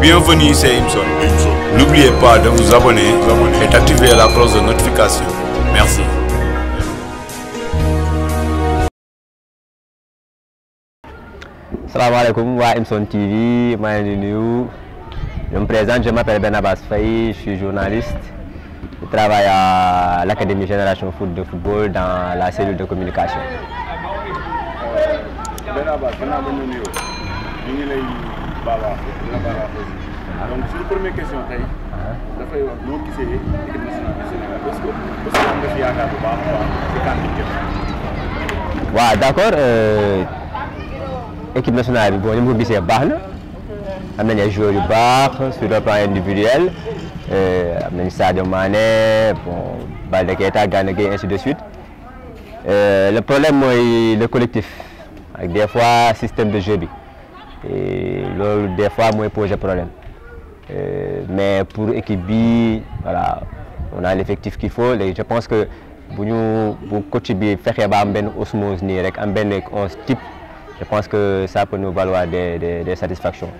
Bienvenue, c'est Imson. N'oubliez pas de vous abonner et d'activer la cloche de notification. Merci. Salam alaikum wa Imson TV, Je me présente, je m'appelle Benabas Faye, je suis journaliste. Je travaille à l'Académie Génération Foot de football dans la cellule de communication. Benabas, baax dina la donc suñu première question tey dafay wax noo gisee équipe nationale du Sénégal est-ce que est-ce que am nga si yaakaar bu baax a baax si d'accord euh, équipe nationale bi bon ni mu ko gisee baax na am nañu ay joueurs yu baax sur le plan individuel euh amna Sadio Mané bon Baldé Keita Gana Gueye ainsi de suite euh, le problème mooy le collectif avec des fois système de jeu bi. Et des fois pose poser problème euh, mais pour équipe voilà on a l'effectif qu'il faut je pense que si nous bu coach bi fait ba am osmose avec un am type je pense que ça peut nous valoir des des des satisfactions.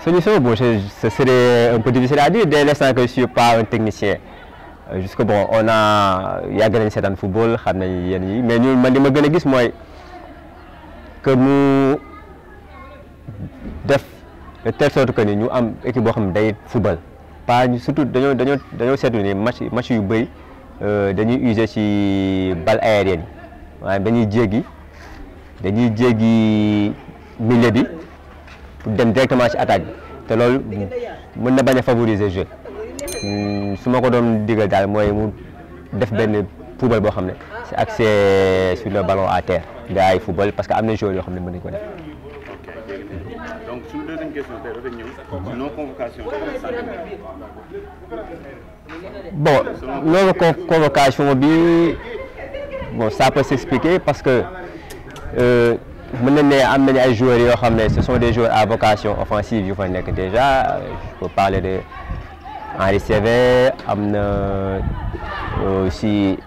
solution ce serait un peu difficile à dire dès l'instant que je ne suis pas un technicien. Euh, jusque bon on a yàgg nañ seetaan football xam nañ yéen yi mais ñun man li ma gën a gis mooy que mu def de telle sorte que ni ñu am équipe boo xam ne day football pas surtout dañoo dañoo dañoo seetlu ni match match yu bëri euh, dañuy use ci balle aérienne yi waaye dañuy jéggi dañuy jéggi milieu bi pour dem directement ci attaque bi te loolu mën na bañ a favoriser jeu su sur le ballon à terre football parce que joueurs donc non convocation. bon convocation bon ça peut s'expliquer parce que euh, am joueurs ce sont des joueurs à vocation offensive yu fa déjà je peux parler de en receveur amna euh, aussi aussi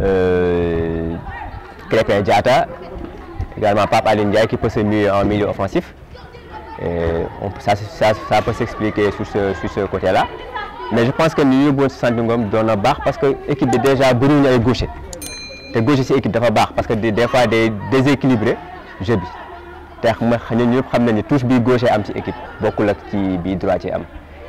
euh, Crépin Diata, également Papa Alioune qui peut se mieux en milieu offensif ça, peut s'expliquer sur ce, côté-là. Mais je pense que nous avons nous donne un bar parce que l'équipe est déjà brune et gauche. Et gauche, c'est l'équipe de bar parce que des, fois, des déséquilibrés, je dis. Nous de une touche gauche est une équipe, beaucoup de droite.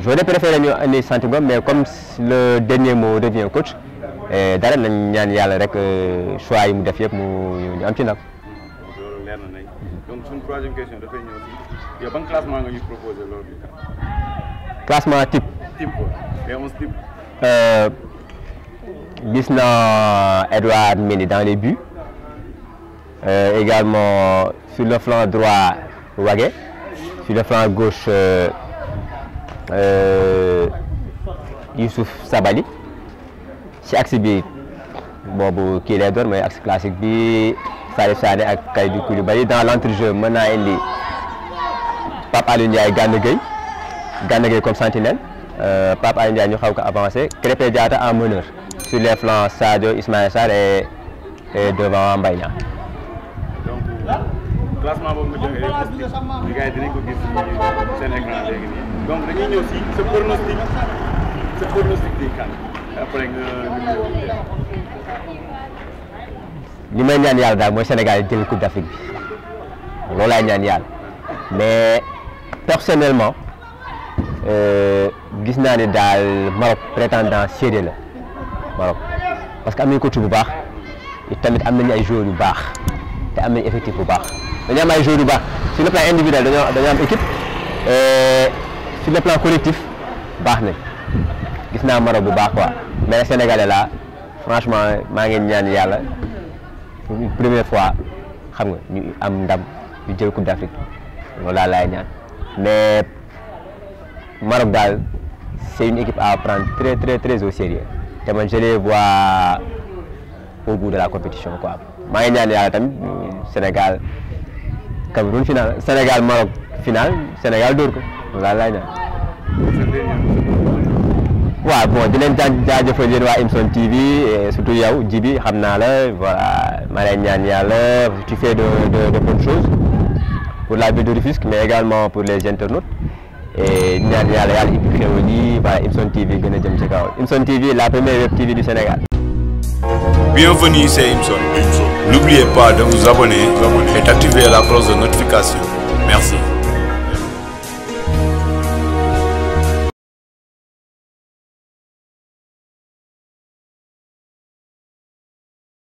J'aurais préféré ñu andi Santigom mais comme le dernier mot revient au coach eh, dara nañ ñaan yàlla rek eh, choix yi mu def yëpp mu am ci Donc, une donc troisième question Il y a un classement nga ñu proposé loolu. classement type. type et onze type. Euh, gis naa Edouard Mini dans les buts euh, également sur le flanc droit Wagé. sur le flanc gauche. Euh, euh, Youssouf Sabali C'est axe bi axe classique bi Salif ak dans l'entrejeu jeu indi Pape Alioune comme sentinelle euh, Pape Alioune Ndiaye ñu xaw avancé Crépé Diata en meneur sur les flancs Sadio Ismaël et devant Mbaye classement boobu nga joxe léegi gars ko gis seen écran léegi donc dañuy ñëw si sa pronostic sa pronostic di kan après nga li may ñaan yalla daal moy Sénégal jël coupe d'Afrique bi loolu ñaan yalla mais personnellement euh gis na ne daal Maroc prétendant sérieux la Maroc parce que am nañu coach bu baax tamit am nañ ay joueurs yu baax té am nañ effectif bu baax dañoo am ay joueurs yu baax le plan individuel dañoo dañoo am équipe sur le plan collectif baax nañ gis naa Maroc bu baax quoi mais Sénégalais là franchement maa ngi ñaan yàlla pour une première fois xam nga ñu am ndam ñu jël coupe d'Afrique loolu daal laay ñaan mais Maroc daal c'est une équipe à prendre très très très au sérieux te man je les vois au bout de la compétition quoi maa ngi ñaan yàlla tamit Sénégal. Cameroun final Sénégal Maroc final Sénégal dóor Voilà, là, Wa bon di déjà jaajëfal yéen à Imson TV eh, surtout yow Djibi Hamnale, voilà Maré, tu fais de de bonnes choses pour la biodiversité, mais également pour les internautes et eh, ñaan il peut ubbi xéwal Imson TV que a jëm Imson TV la première web TV du Sénégal. Bienvenue c'est Imson. N'oubliez pas de vous abonner et d'activer la cloche de notification. Merci.